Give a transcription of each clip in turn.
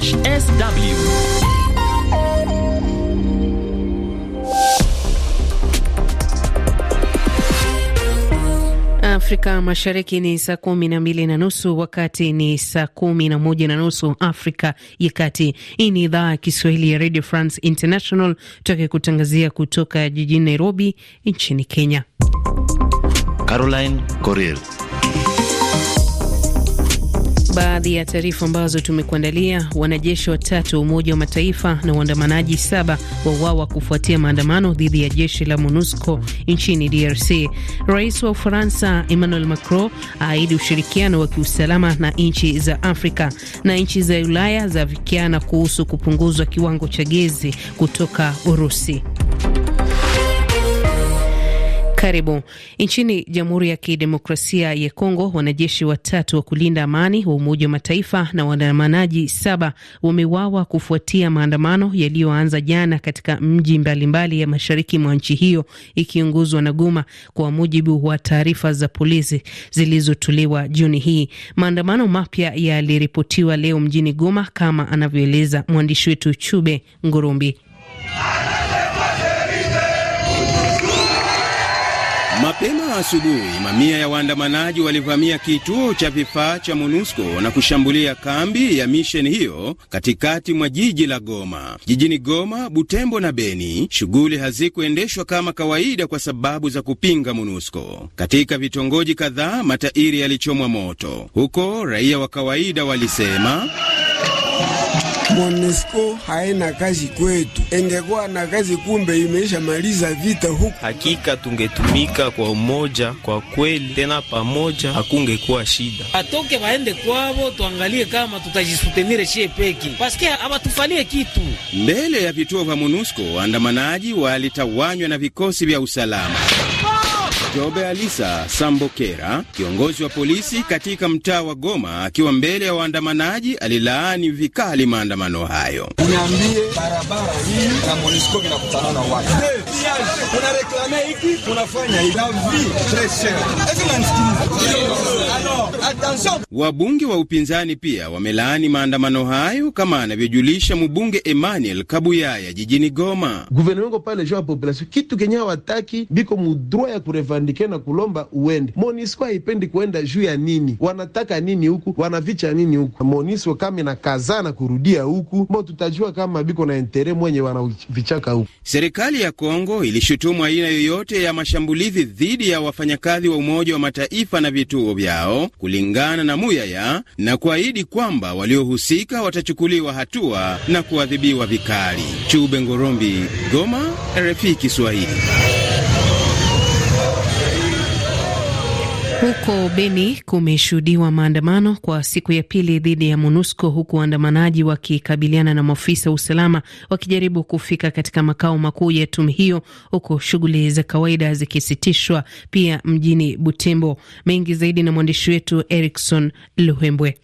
SW. Afrika Mashariki ni saa kumi na mbili na nusu wakati ni saa kumi na moja na nusu Afrika ya Kati. Hii ni idhaa ya Kiswahili ya Radio France International, tuake kutangazia kutoka jijini Nairobi nchini Kenya. Caroline Coril Baadhi ya taarifa ambazo tumekuandalia: wanajeshi watatu wa Umoja wa Mataifa na waandamanaji saba wauawa kufuatia maandamano dhidi ya jeshi la MONUSCO nchini DRC. Rais wa Ufaransa Emmanuel Macron aahidi ushirikiano wa kiusalama na nchi za Afrika, na nchi za Ulaya zaafikiana kuhusu kupunguzwa kiwango cha gesi kutoka Urusi. Karibu. Nchini Jamhuri ya Kidemokrasia ya Kongo, wanajeshi watatu wa kulinda amani wa Umoja wa Mataifa na waandamanaji saba wameuawa kufuatia maandamano yaliyoanza jana katika mji mbalimbali mbali ya mashariki mwa nchi hiyo ikiongozwa na Goma, kwa mujibu wa taarifa za polisi zilizotolewa Juni hii. Maandamano mapya yaliripotiwa leo mjini Goma, kama anavyoeleza mwandishi wetu Chube Ngurumbi. Mapema asubuhi, mamia ya waandamanaji walivamia kituo cha vifaa cha MONUSCO na kushambulia kambi ya misheni hiyo katikati mwa jiji la Goma. Jijini Goma, Butembo na Beni, shughuli hazikuendeshwa kama kawaida kwa sababu za kupinga MONUSCO. Katika vitongoji kadhaa, matairi yalichomwa moto. Huko raia wa kawaida walisema Monesco haina kazi kwetu, engekuwa na kazi kumbe imeisha maliza vita huku. Hakika tungetumika kwa umoja kwa kweli, tena pamoja hakungekuwa shida. Atoke waende kwavo, tuangalie kama tutajisutenire shie peki paske hawatufalie kitu. Mbele ya vituo vya Monusco waandamanaji walitawanywa na vikosi vya usalama. Jobe Alisa Sambokera, kiongozi wa polisi katika mtaa wa Goma, akiwa mbele ya waandamanaji, alilaani vikali maandamano hayo. Unaambie barabara hii na MONUSCO inakutana na watu unareklamia hiki unafanya Wabunge wa upinzani pia wamelaani maandamano hayo, kama anavyojulisha mbunge Emmanuel Kabuyaya jijini Goma. Gouvernement pale parle population kitu kenye hawataki biko mudroit ya kureva tuandikie na kulomba uende. Monisco haipendi kuenda juu ya nini? Wanataka nini huku? Wanavicha nini huku? Monisco kama inakazaa na kurudia huku, mo, tutajua kama biko na entere mwenye wanavichaka huku. Serikali ya Kongo ilishutumu aina yoyote ya mashambulizi dhidi ya wafanyakazi wa Umoja wa Mataifa na vituo vyao kulingana na Muyaya na kuahidi kwamba waliohusika watachukuliwa hatua na kuadhibiwa vikali. Chube Ngorombi, Goma, RFI Kiswahili. Huko Beni kumeshuhudiwa maandamano kwa siku ya pili dhidi ya MONUSCO huku waandamanaji wakikabiliana na maafisa wa usalama wakijaribu kufika katika makao makuu ya tume hiyo, huku shughuli za kawaida zikisitishwa pia mjini Butembo. Mengi zaidi na mwandishi wetu Erikson Luhembwe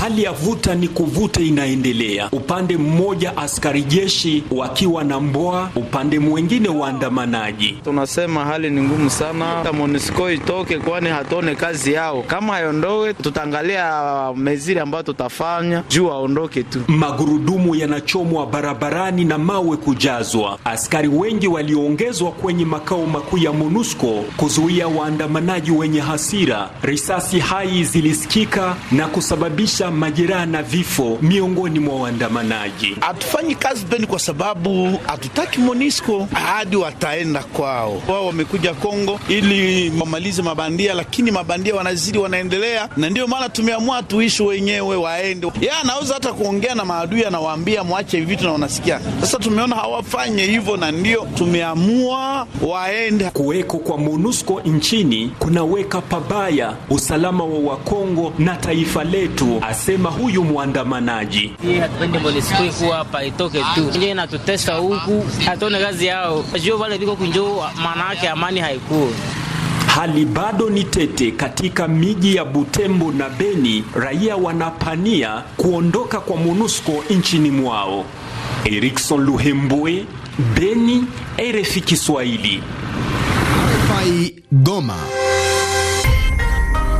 hali ya vuta ni kuvute inaendelea, upande mmoja askari jeshi wakiwa na mboa, upande mwingine waandamanaji. Tunasema hali ni ngumu sana, hata MONUSCO itoke, kwani hatuone kazi yao. Kama haiondowe, tutaangalia meziri ambayo tutafanya juu aondoke tu. Magurudumu yanachomwa barabarani na mawe kujazwa, askari wengi walioongezwa kwenye makao makuu ya MONUSCO kuzuia waandamanaji wenye hasira. Risasi hai zilisikika na kusababisha majeraha na vifo miongoni mwa waandamanaji. Hatufanyi kazi peni kwa sababu hatutaki Monisco hadi wataenda kwao. Wao wamekuja Kongo ili wamalize mabandia, lakini mabandia wanazidi wanaendelea, na ndio maana tumeamua tuishi wenyewe, waende. Yeye anaweza hata kuongea na maadui, anawaambia mwache hivi vitu, na wanasikia. Sasa tumeona hawafanye hivyo, na ndio tumeamua waende. Kuweko kwa MONUSCO nchini kunaweka pabaya usalama wa Wakongo na taifa letu asema huyu mwandamanaji. Hatupendi polisi hapa, itoke tu nje, inatutesa huku, hatuone kazi yao viko kunjo, maana yake amani haikuwa Hali bado ni tete katika miji ya Butembo na Beni, raia wanapania kuondoka kwa MONUSCO nchini mwao. Erikson Luhembwe, Beni, RFI Kiswahili. RFI Goma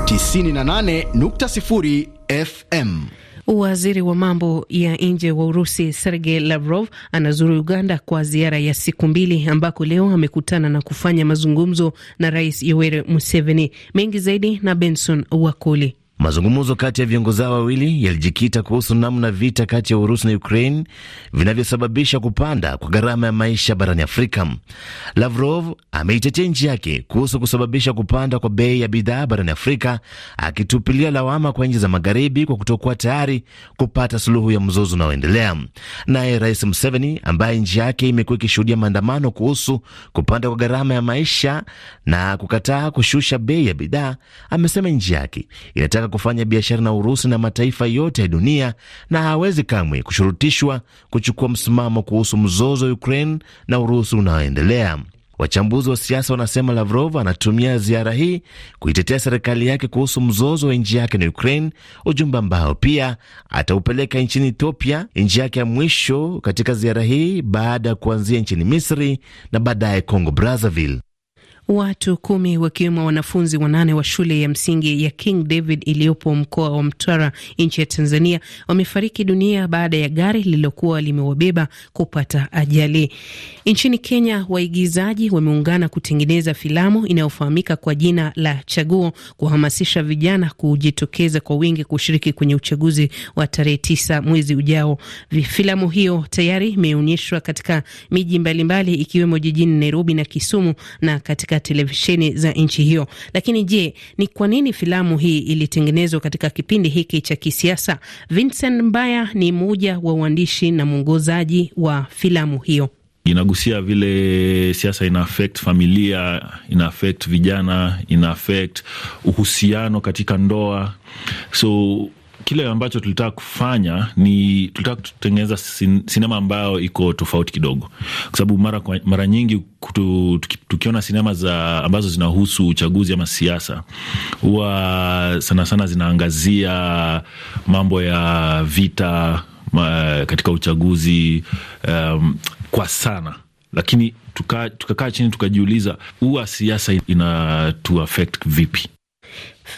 98.0 FM. Waziri wa mambo ya nje wa Urusi Sergei Lavrov anazuru Uganda kwa ziara ya siku mbili, ambako leo amekutana na kufanya mazungumzo na Rais Yoweri Museveni. Mengi zaidi na Benson Wakoli. Mazungumzo kati ya viongozi hao wawili yalijikita kuhusu namna vita kati ya Urusi na Ukraine vinavyosababisha kupanda kwa gharama ya maisha barani Afrika. Lavrov ameitetea nchi yake kuhusu kusababisha kupanda kwa bei ya bidhaa barani Afrika, akitupilia lawama kwa nchi za Magharibi kwa kutokuwa tayari kupata suluhu ya mzozo unaoendelea. Naye Rais Museveni, ambaye nchi yake imekuwa ikishuhudia maandamano kuhusu kupanda kwa gharama ya maisha na kukataa kushusha bei ya bidhaa, amesema nchi yake inataka kufanya biashara na Urusi na mataifa yote ya dunia na hawezi kamwe kushurutishwa kuchukua msimamo kuhusu mzozo wa Ukraine na Urusi unaoendelea. Wachambuzi wa siasa wanasema Lavrov anatumia ziara hii kuitetea serikali yake kuhusu mzozo wa nchi yake na Ukraine, ujumbe ambao pia ataupeleka nchini Ethiopia, nchi yake ya mwisho katika ziara hii, baada ya kuanzia nchini Misri na baadaye Congo Brazzaville. Watu kumi wakiwemo wanafunzi wanane wa shule ya msingi ya King David iliyopo mkoa wa Mtwara nchi ya Tanzania wamefariki dunia baada ya gari lililokuwa limewabeba kupata ajali. Nchini Kenya, waigizaji wameungana kutengeneza filamu inayofahamika kwa jina la Chaguo kuhamasisha vijana kujitokeza kwa wingi kushiriki kwenye uchaguzi wa tarehe tisa mwezi ujao. Filamu hiyo tayari imeonyeshwa katika miji mbalimbali ikiwemo jijini Nairobi na Kisumu na katika katika televisheni za nchi hiyo. Lakini je, ni kwa nini filamu hii ilitengenezwa katika kipindi hiki cha kisiasa? Vincent Mbaya ni mmoja wa uandishi na mwongozaji wa filamu hiyo. Inagusia vile siasa ina affect familia, ina affect vijana, ina affect uhusiano katika ndoa. So kile ambacho tulitaka kufanya ni tulitaka kutengeneza sin, sinema ambayo iko tofauti kidogo, kwa sababu mara, mara nyingi kutu, tukiona sinema za ambazo zinahusu uchaguzi ama siasa huwa sana sana zinaangazia mambo ya vita ma, katika uchaguzi um, kwa sana lakini tukakaa tuka chini tukajiuliza, huwa siasa inatuaffect vipi?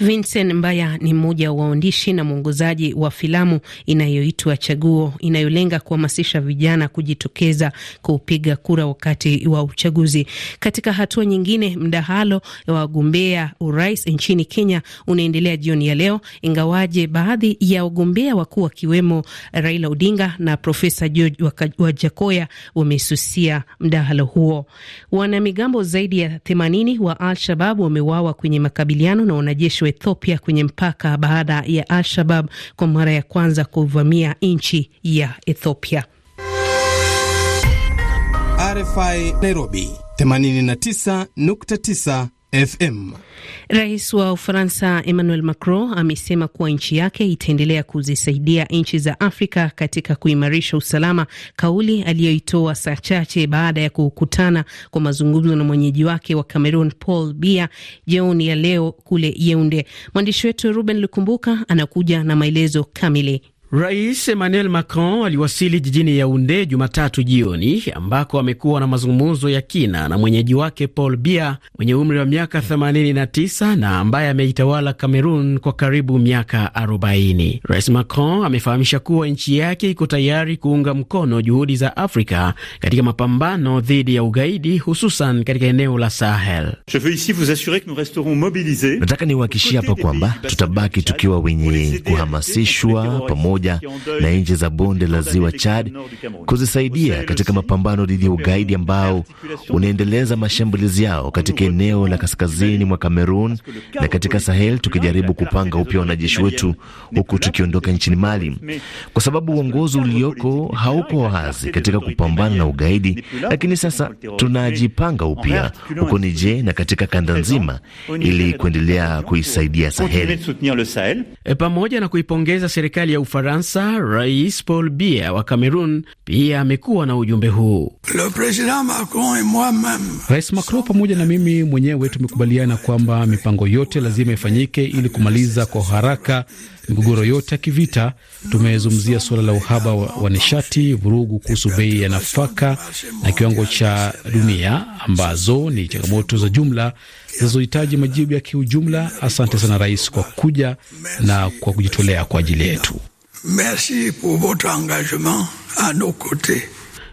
Vincent Mbaya ni mmoja wa waandishi na mwongozaji wa filamu inayoitwa Chaguo, inayolenga kuhamasisha vijana kujitokeza kupiga kura wakati wa uchaguzi. Katika hatua nyingine, mdahalo wa wagombea urais nchini Kenya unaendelea jioni ya leo, ingawaje baadhi ya wagombea wakuu wakiwemo Raila Odinga na Profesa George Wajakoya wamesusia mdahalo huo. Wanamigambo zaidi ya themanini wa Al Shabab wameuawa kwenye makabiliano na wanajeshi wanajeshi wa Ethiopia kwenye mpaka baada ya Al-Shabab kwa mara ya kwanza kuvamia nchi ya Ethiopia. RFI Nairobi 89.9 FM. Rais wa Ufaransa Emmanuel Macron amesema kuwa nchi yake itaendelea kuzisaidia nchi za Afrika katika kuimarisha usalama, kauli aliyoitoa saa chache baada ya kukutana kwa mazungumzo na mwenyeji wake wa Cameroon Paul Biya jioni ya leo kule Yeunde. Mwandishi wetu Ruben Lukumbuka anakuja na maelezo kamili. Rais Emmanuel Macron aliwasili jijini Yaunde Jumatatu jioni ambako amekuwa na mazungumzo ya kina na mwenyeji wake Paul bia mwenye umri wa miaka 89 na ambaye ameitawala Cameroon kwa karibu miaka 40. Rais Macron amefahamisha kuwa nchi yake iko tayari kuunga mkono juhudi za Afrika katika mapambano dhidi ya ugaidi, hususan katika eneo la Sahel. Nataka niwahakishie hapa kwamba tutabaki tukiwa wenye kuhamasishwa pamoja pamoja na nchi za bonde la ziwa Chad kuzisaidia katika mapambano dhidi ya ugaidi ambao unaendeleza mashambulizi yao katika eneo la kaskazini mwa Kamerun na katika Sahel, tukijaribu kupanga upya wanajeshi wetu huku tukiondoka nchini Mali, kwa sababu uongozi ulioko hauko wazi katika kupambana na ugaidi. Lakini sasa tunajipanga upya huko Niger na katika kanda nzima ili kuendelea kuisaidia Sahel. E, pamoja na kuipongeza serikali ya Ufaransa Ufaransa, Rais Paul Biya wa cameron pia amekuwa na ujumbe huu. Rais Macron pamoja na mimi mwenyewe tumekubaliana kwamba mipango yote lazima ifanyike ili kumaliza kwa haraka migogoro yote ya kivita. Tumezungumzia suala la uhaba wa nishati, vurugu kuhusu bei ya nafaka na kiwango cha dunia, ambazo ni changamoto za jumla zinazohitaji majibu ya kiujumla. Asante sana Rais kwa kuja na kwa kujitolea kwa ajili yetu. Merci pour votre engagement à nos côtés.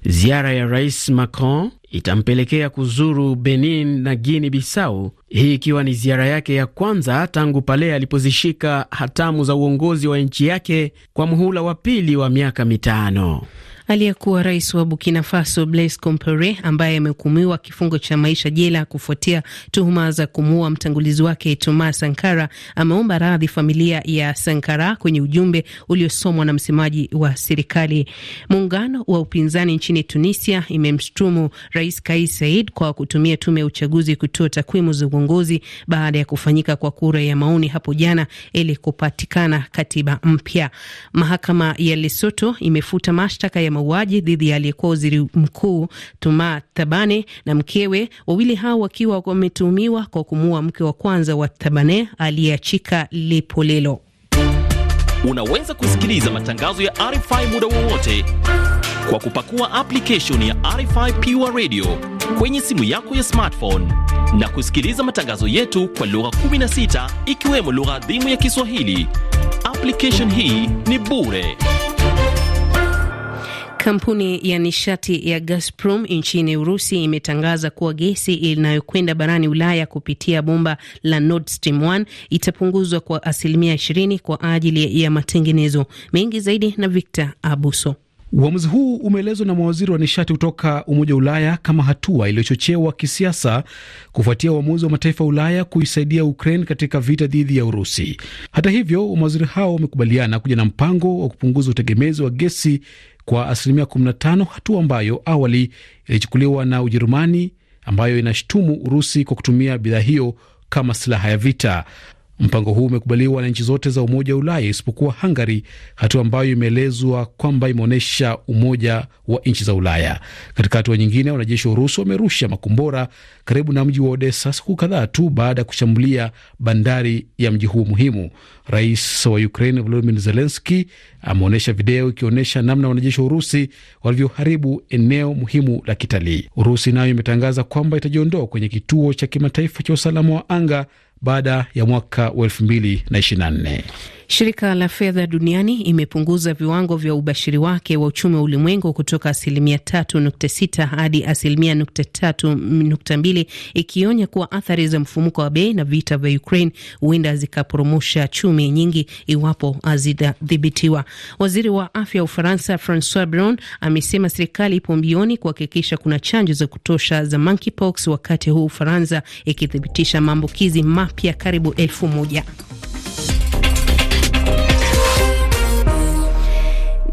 Ziara ya Rais Macron itampelekea kuzuru Benin na Guinea Bissau, hii ikiwa ni ziara yake ya kwanza tangu pale alipozishika hatamu za uongozi wa nchi yake kwa muhula wa pili wa miaka mitano. Aliyekuwa rais wa Burkina Faso Blaise Compaore ambaye amehukumiwa kifungo cha maisha jela kufuatia tuhuma za kumuua mtangulizi wake Thomas Sankara ameomba radhi familia ya Sankara kwenye ujumbe uliosomwa na msemaji wa serikali. Muungano wa upinzani nchini Tunisia imemshutumu rais Kais Saied kwa kutumia tume ya uchaguzi kutoa takwimu za uongozi baada ya kufanyika kwa kura ya maoni hapo jana ili kupatikana katiba mpya. Mahakama ya Lesoto imefuta mashtaka ya mauaji dhidi ya aliyekuwa waziri mkuu Tuma Tabane na mkewe, wawili hao wakiwa wametuhumiwa kwa kumuua mke wa kwanza wa Tabane aliyeachika lelo Unaweza kusikiliza matangazo ya RFI muda wowote kwa kupakua application ya RFI Pure Radio kwenye simu yako ya smartphone na kusikiliza matangazo yetu kwa lugha 16 ikiwemo lugha adhimu ya Kiswahili. Application hii ni bure. Kampuni ya nishati ya Gazprom nchini Urusi imetangaza kuwa gesi inayokwenda barani Ulaya kupitia bomba la Nord Stream 1 itapunguzwa kwa asilimia 20 kwa ajili ya matengenezo mengi zaidi. Na Victor Abuso. Uamuzi huu umeelezwa na mawaziri wa nishati kutoka Umoja wa Ulaya kama hatua iliyochochewa kisiasa kufuatia uamuzi wa mataifa ya Ulaya kuisaidia Ukraine katika vita dhidi ya Urusi. Hata hivyo, mawaziri hao wamekubaliana kuja na mpango wa kupunguza utegemezi wa gesi kwa asilimia 15, hatua ambayo awali ilichukuliwa na Ujerumani ambayo inashutumu Urusi kwa kutumia bidhaa hiyo kama silaha ya vita. Mpango huu umekubaliwa na nchi zote za Umoja wa Ulaya isipokuwa Hungary, hatua ambayo imeelezwa kwamba imeonyesha umoja wa nchi za Ulaya. Katika hatua nyingine, wanajeshi wa Urusi wamerusha makombora karibu na mji wa Odessa siku kadhaa tu baada ya kushambulia bandari ya mji huo muhimu. Rais wa Ukraine Volodymyr Zelensky ameonyesha video ikionyesha namna wanajeshi wa Urusi walivyoharibu eneo muhimu la kitalii. Urusi nayo imetangaza kwamba itajiondoa kwenye kituo cha kimataifa cha usalama wa anga baada ya mwaka wa 2024. Shirika la fedha duniani imepunguza viwango vya ubashiri wake wa uchumi wa ulimwengu kutoka asilimia 3.6 hadi asilimia 3.2, ikionya kuwa athari za mfumuko wa bei na vita vya Ukraine huenda zikaporomosha chumi nyingi iwapo hazitadhibitiwa. Waziri wa afya wa Ufaransa Francois Braun amesema serikali ipo mbioni kuhakikisha kuna chanjo za kutosha za monkeypox, wakati huu Ufaransa ikithibitisha maambukizi mapya karibu elfu moja.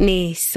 Nice.